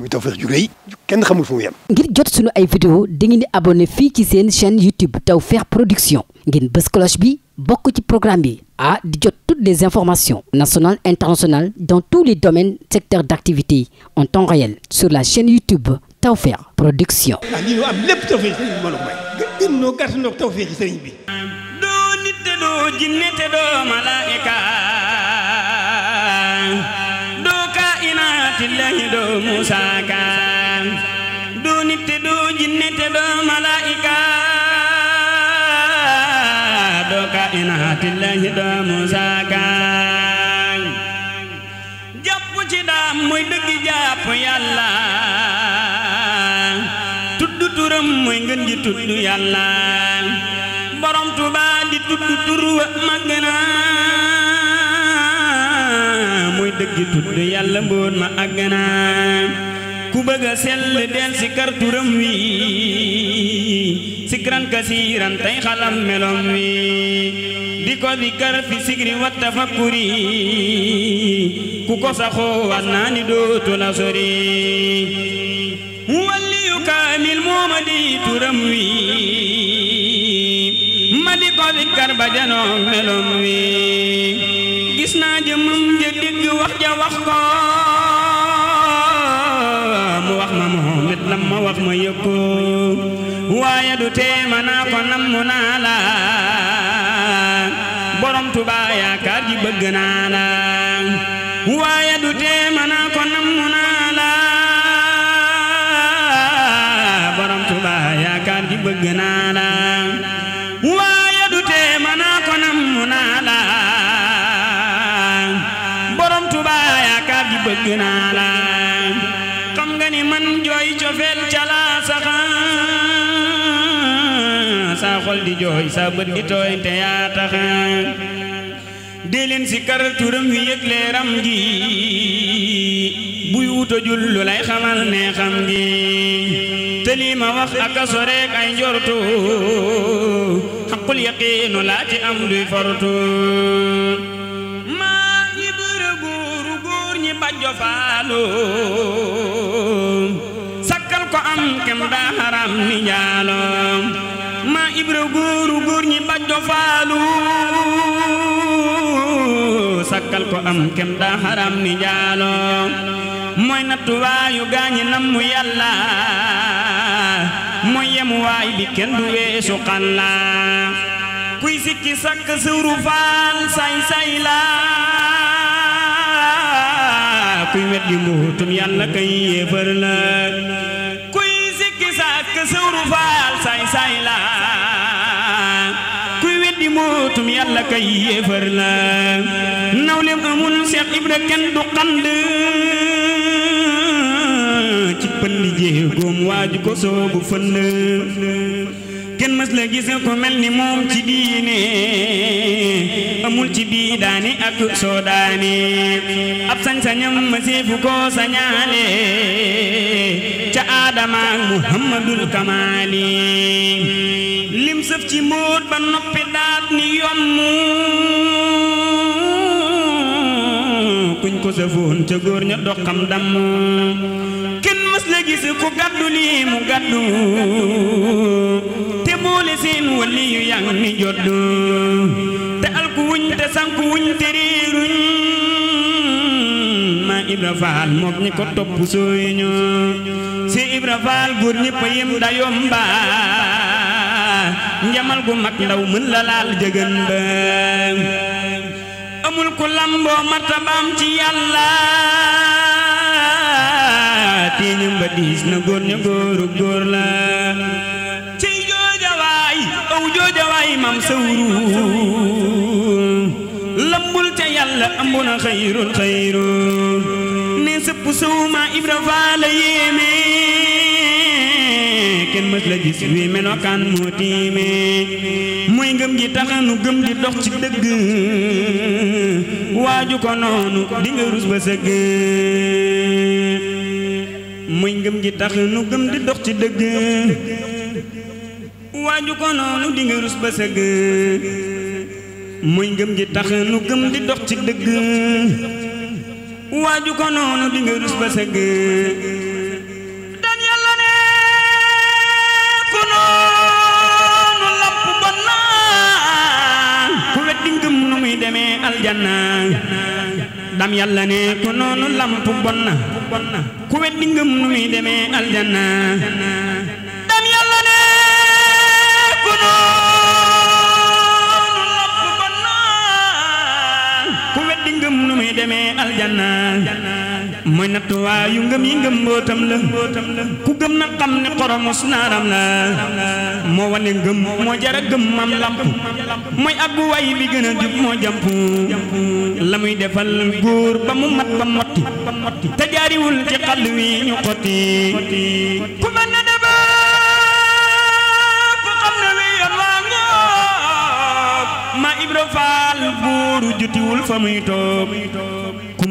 muy Tawfekh ngir jot sunu ay vidéo dangeen di abonné fii ci seen chaîne YouTube Tawfekh Production ngeen bës bi bokk ci programme bi ah di jot toutes les informations nationales internationales dans tous les domaines secteurs d'activité en temps réel sur la chaîne YouTube Tawfekh Production. ah lii ñu am lépp Tawfekh sëriñ bi mbooloo bi. doo nit te doo jinne te doo malaaka abdillahi doo muusa kaan du nit du jinne doo malaayika doo kainaatillahi doo muusa kaan jàpp ci daam muy dëgg jàpp yàlla tudd turam ngën ji tudd yàlla borom Tuubaa di tudd tur wa muy dëgg tudd yàlla mboon ma àgg naa ku bëgg a sell del si kar turam wi sikran kasiiran tey xalam melom wi di ko di kar fi sigri wa tafakkuri ku ko saxoo waat naa ni dootu la sori walliyu kaamil mooma di turam wi ma di ko di ba janoo melom wi gis ma Muhammad lam ma wax ma ko waaye du tee ma naa ko nam mu la borom Tuubaa yaakaar ji bëgg naa la xol di jooy sa bët tooy te yaa tax dee si kar turam wi yëg leeram gi buy wuta jul lu lay xamal ne gi te wax ak a soreek ay njortu xaqul yaqiinu laa am duy fortu maa ngi bërë góoru ñi bajjo faalo sakkal ko am kem daa xaram ni njaaloom sakkal ko am kem daa xaram ni kuy sikki sakk suuru faal say say la kuy weddi mbuutum yàlla kay yéefar la kuy sikki sakk suuru faal say say la di mootum yàlla kay yéefar la nawleem amul seex ibra kenn du xand ci pënd jéegoom waaju ko soobu fënd kenn mës la ko ku mel ni moom ci diine amul ci bii daani ak soo daani ab sañ-sañam masiifu ko sañaale ca aadama muhammadul kamaali lim ci mbóot ba noppi daat ni yommu ko sëfoon ca góor ña doxam damm kenn mës la gis gàddu lii mu gàddu te boole seen wali yu yang ni jodd te alku wuñ te sanku wuñ te réeruñ maa Ibra Faal moog ñi ko topp sooyuñu si Ibra Faal góor ñëpp a yem dayom njamal gu mag ndaw mën la laal jëgën amul ku lamboo martabaam ci yàlla ca yàlla ambuna xayrul xayru ne sëpp sawuma ibra faala yéeme mës la gis wi melokaan moo tiime muy ngëm gi taxanu gëm di dox ci dëgg waaju ko noonu di rus ba sëgg muy ngëm gi taxanu gëm di dox ci dëgg waaju ko ko noonu di rus ba sëgg dam yàlla ne ko noonu lamp bon ku weddi ngëm nu muy demee aljanna dam yàlla ne ko noonu lamp bon ku weddi ngëm nu muy demee aljanna mooy nattuwaayu ngëm yi ngëm mbootam la ku gëm na xam ne xoromos naaram la moo wane ngëm moo jara gëm mam lamp mooy àggu waay bi gën a jub moo jàmp la muy defal góor ba mu mat ba motti te jaariwul ci xàll wi ñu xotti ku mën na daba ku xam ne wi yoon waa ngoog ma Ibra Faal góoru jutiwul fa muy toog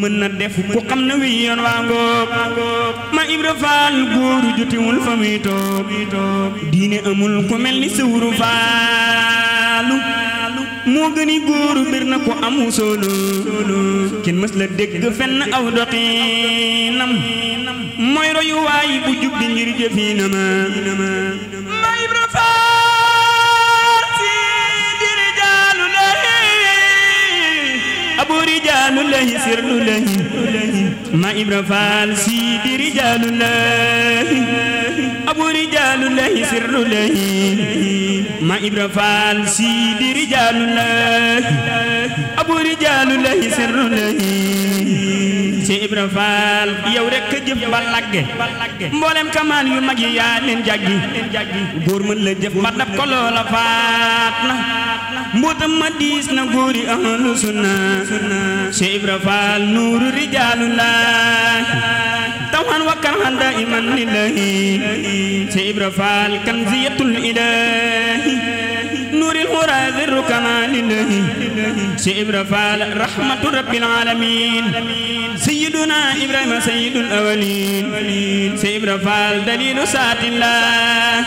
mën na def ku xam na wi yoon waa ngoog ma ibra faal góoru jutiwul fa muy toog diine amul ku mel ni sëwru faalu moo gëni góoru bir na ko amu solo kenn mës la dégg fenn aw doxinam mooy royu waay bu jub di ngir jëfinama ma boobu rijaalu lahi sirlu lahi ma ibra faal siidi rijaalu lahi abu rijaalu lahi sirlu lahi ma ibra faal siidi رجال الله أبو رجال الله سر الله Cheikh Ibra Fall yow rek jëf ba lagge mboolem kamaan yu mag yi yaa leen jaggi góor mën la jëf ma dab ko loola faat na mbootam ma diis na góor yi ahlu sunna Cheikh Ibra Fall nuuru rijaalullah tawan wa karhan daiman lillahi Cheikh Ibra Fall kanziyatul ilahi الورى ذر كمال الله سيبر فال رحمة رب العالمين سيدنا إبراهيم سيد الأولين سيبر فال دليل سات الله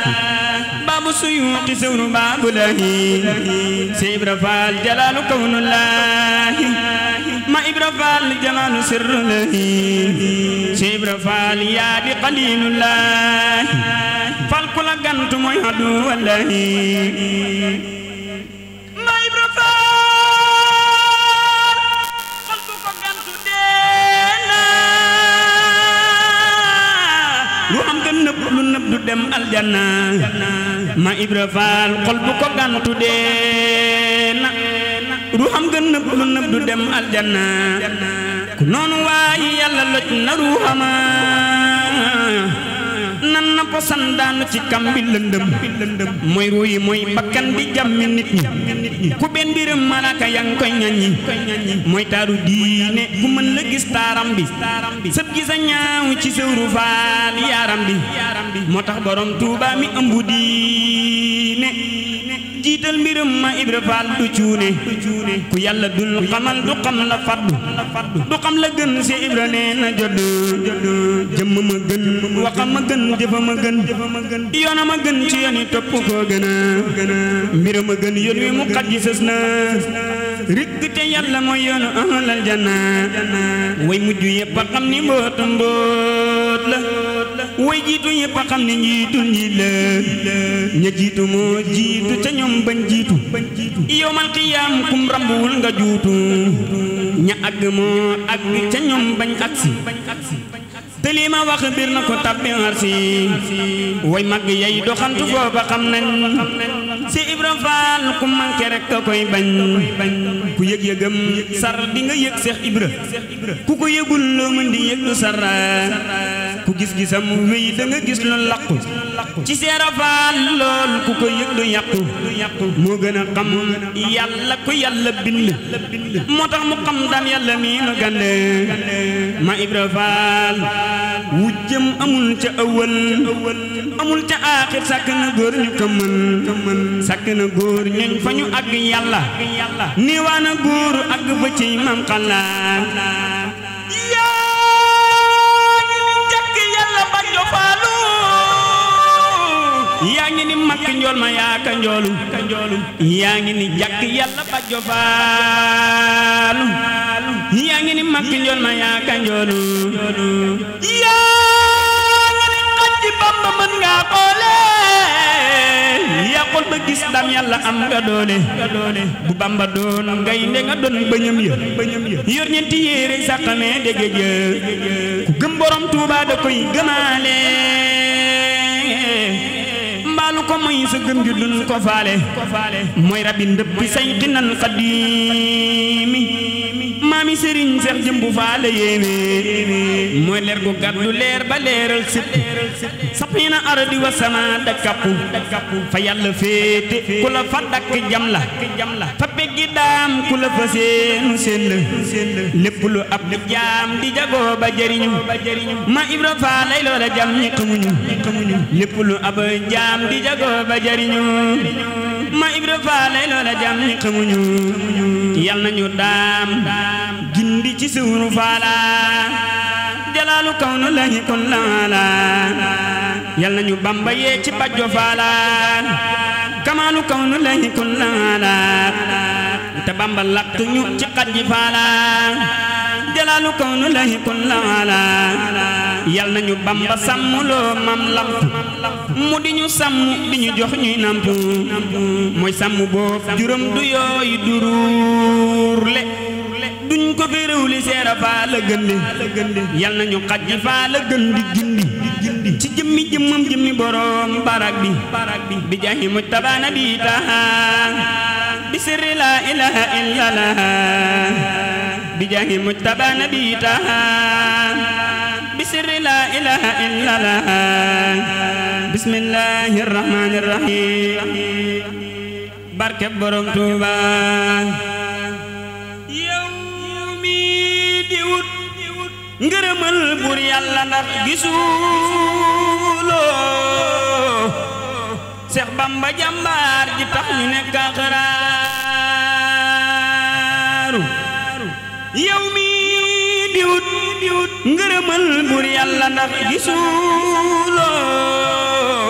باب سيوق سور باب له سيبر فال جلال كون الله ما إبر فال جلال سر له سيبر فال يا قليل الله فالكل غنت مي هدو والله dem aljanna ma ibra faal xol bu ko dee na ruuxam nga lu nëbb du dem aljanna ku noonu waayi yàlla loj na ruuxama nan na posan daanu ci kam bi lëndëm mooy ruuyi mooy bakkan di jàmmi nit ñi ku benn biram malaaka yaa ngi koy ñaññi mooy taaru diine ku mën la gis taaram bi sëb gi sa ñaaw ci sëwru faal yaaram bi moo tax borom tuubaa mi ëmbu diine jiital mbirum ma Ibra Faal du cuune ku yàlla dul xamal du xam la faddu du xam la gën si Ibra nee na jodd jëmm ma gën waxam ma gën jëfa ma gën yoona ma gën ci yooni topp koo gën a mbiram ma gën yoon wi mu xat na rikk te yàlla mooy yoonu ahlal janna way mujj yëpp a xam ni mboot mboot la way jiitu ñëpp a xam ne njiitu ñi ña jiitu moo jiitu ca ñoom bañ jiitu yowmal qiyaam kum rambuwul nga juutu ña àgg moo àgg ca ñoom bañ agsi te lii ma wax biir na ko tabbi arsi way mag yey doxantu booba xam nañ si Ibra Faal ku manqué rek ka koy bañ ku yëg yëgam sar di nga Seex Ibra ku ko yëgul loo mën di yëg du sar ku gis gisam wéy da gis lu laqu ci Seera Faal lool ku ko yëg du yàqu moo gën a xam yàlla ku yàlla bind moo tax mu xam daan yàlla mii nu ma Ibra Faal wujjam amul ca ëwal amul ca aaxir sàkk na góor ñu ko sàkk na góor ñoñ fa ñu àgg yàlla niiwaana góor àgg fa ciy mam xalaat yaa ngi ni makk njool ma yaa ka yaa ngi ni jàkk yàlla ba jofaalu yaa ngi ni makk njool ma yaa ka yaa ngi ni xaj bamba mën nga xoole yaa ba gis ndam yàlla am nga doole bu bamba doon gaynde nga doon bëñëm ya yor ñeenti yéere sa xamee dégg ja ku gëm borom tuuba da koy gëmaale mbaalu ko muy sa gëm ju dun ko faale mooy rabbi ndëppi say xinan xaddiimi maami sëriñ seex jëmbu faale yéeme la fa la fa peggi daam ku la ma ibra faalay loola jam ñi xamuñu yal nañu daam gindi ci suuru faala jalaalu kaw nu lañi kon laala yal nañu bamba yee ci bajjo faala kamaalu kaw nu lañi kon laala te bamba lakk ñu ci xajji faala jalaalu kaw nu lañi kon laala yal nañu bamba sàmmuloo mam lamp mu di ñu sàmm di ñu jox ñuy namp mooy sàmm boobu juróom du yooyu duruur le buñ ko fi réew li seera faa la gën li yal nañu xaj ji faa la gën di gindi ci jëmmi jëmmam jëmmi boroom barak bi bi jaahi muj tabaana bi tahaan bi sirri laa ilaaha illallah bi jaahi muj tabaana bi tahaan bi sirri laa ilaaha illallah bismillahi rahmaani rahiim barke borom Tuubaa ngërëmal bur yàlla ndax gisuloo Seex Bamba jàmbaar ji tax ñu nekk xaraaru yow mi diwut diwut ngërëmal bur yàlla ndax gisuloo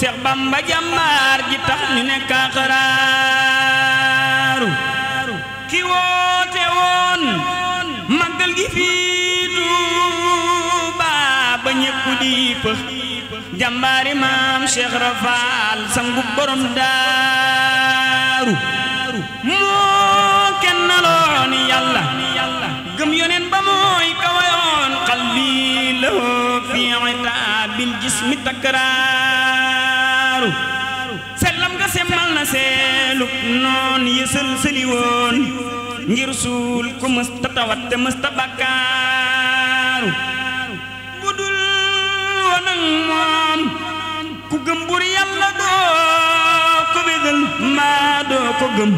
Seex Bamba jàmbaar ji tax ñu nekk xaraaru ku i jàmbaari maam Cheikh Rafal sangu borom daaru moo kennaloon yàlla gëm yonen ba mooy kawayoon qalbi lahu fi itaabin jismi takraaru sellam nga semmal na seeluk noon yësal sëliwoon ngir suul ku mësta tawat te mësta bakkaar ko gëm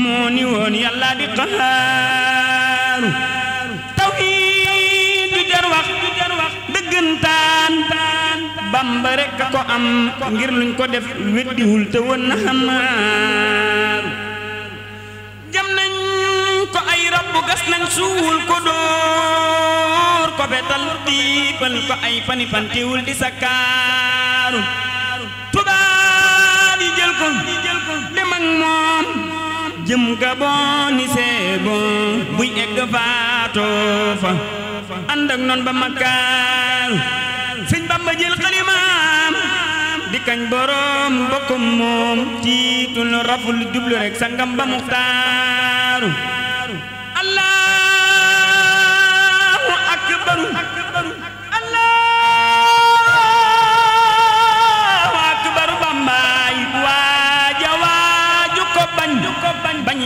moo ni woon yàlla di xaaru tawhiid du jar wax dëggantaan bamba rekk a ko am ngir luñ ko def weddiwul te woon na xamaaru jam nañ ko ay rabb gas nañ suul ko door ko betal tiipal ko ay fani di sakaaru tubaab yi jël ko jëm Gabon ni c'est bon buy egg faatoo fa noon ba makkaar sëñ Bamba jël xalimaam di kañ boroom bokkum moom tiitul raful jublu rek sangam ba muxtaaru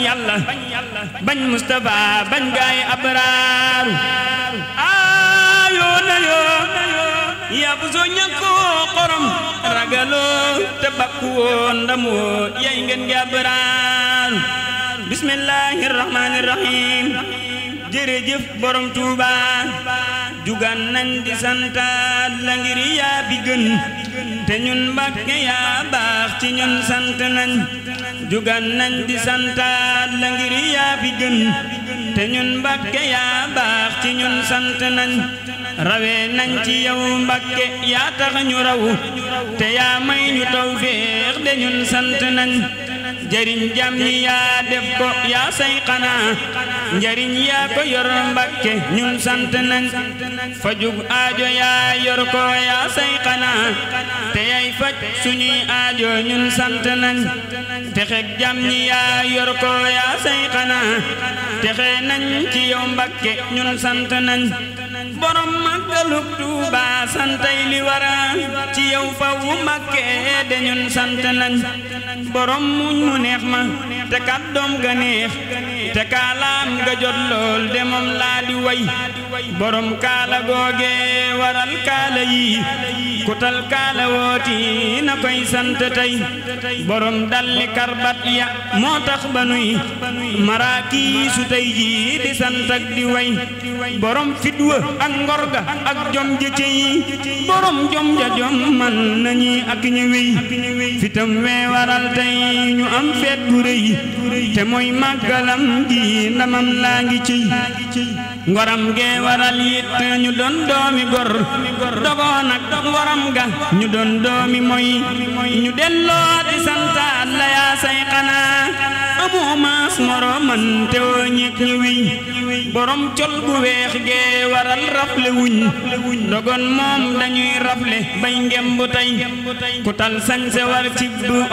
yàlla bañ Mustafa bañ gaay abraar aayoo na yoo yaa bu soo ñàkkoo xorom ragaloo te bakkuwoo ndamoo yay ngeen ngi abraar bismillaahi rahmaani rahiim jërëjëf borom Tuubaa jugaan nañ di santaat la ngir yaa bi gën te ñun Mbàkke yaa baax ci ñun sant nañ nañ di santaat la ngir yaa bi gën te ñun Mbàkke yaa baax ci ñun sant nañ rawee nañ ci yow Mbàkke yaa tax ñu raw te yaa may ñu tawfeex de ñun sant njariñ jam ñi yaa def ko yaa say xanaa njariñ yaa ko yor mbakke ñun sant nañ fajug aajo yaa yor ko yaa say xanaa te yay faj suñuy aajo ñun sant nañ texeg jam ñi yaa yor ko yaa say xanaa texe nañ ci yow mbakke ñun sant nañ borom màggalug Tuuba santay li wara ci yow fa Mbàkke de ñun sant nañ borom muñ mu neex ma te kat doom ga te kaalaam nga jot lool de moom laa di way borom kaala googe waral kaala yi kutal kaala wooti na koy sant tey borom dalli karbat ya moo tax ba nuy maraakiisu tey ji di sant ak di way borom fitwa ak ngor ga ak jom ja cey borom jom ja jom man nañuy ak ñëwey fitam wee waral tey ñu am feet gu rëy te mooy màggalam gi ndamam laa ngi ciy ngoram gee waral it ñu doon doomi gor dogoo nag ngoram ga ñu doon doomi moy ñu delloo di santaat la yaa say xanaa amoo maas moroman te woo ñeek ñu wiñ borom col bu weex gee waral rafle dogon moom dañuy rafle bay ngem tey ku tal sañse war ci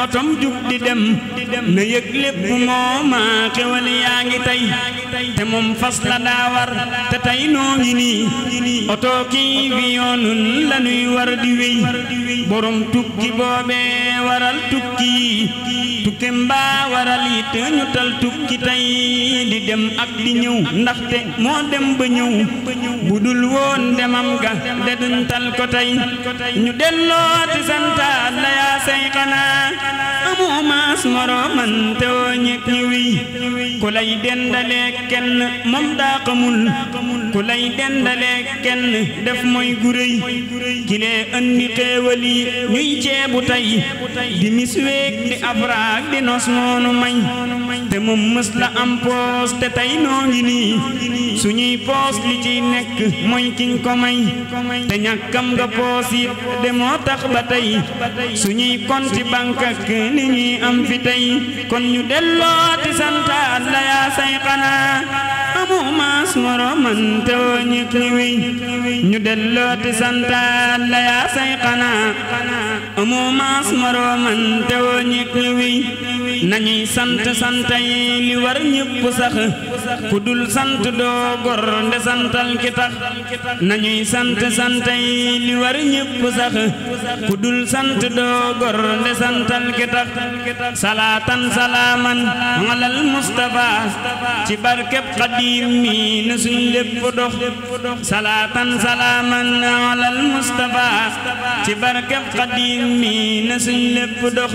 otom jug di dem na yëg lépp moo maa yaa ngi tey te moom fas la daa te tey noo ngi nii oto kii bi yoonun la war di wéy borom tukki boobee waral tukki tukkem baa waral yi te ñu tal tukki tey di dem ak di ñëw ndaxte moo dem ba ñëw bu dul woon demam ga de ko tey ñu delloo ci santaat la yaa say xanaa amoo maas morooman te woo ñekk ñi wiy ku lay dendalee kenn moom daa xamul ku lay dendalee kenn def mooy guréy kilee andi xéewal yi ñuy ceebu tey di mis di afra ak di nos noonu may te moom mës am poos te tey noo ngi nii suñuy poos li ciy nekk mooy kiñ ko may te ñàkkam nga poos it de moo tax ba tey suñuy konti banque ak li ñuy am fi tey kon ñu delloo ti santaat la yaa say xanaa amoo maas moroman te woo ñit ñu delloo ti santaat la yaa say xanaa amoo maas moroman te woo wàññeeku wiy nañuy sant santay li war ñëpp sax ku dul sant doo gor nde santal ki tax nañuy sant santay li war ñëpp sax ku dul sant doo gor nde santal ki tax salaatan salaaman alal mustafa ci ci barkeb xadim mi na suñ lépp dox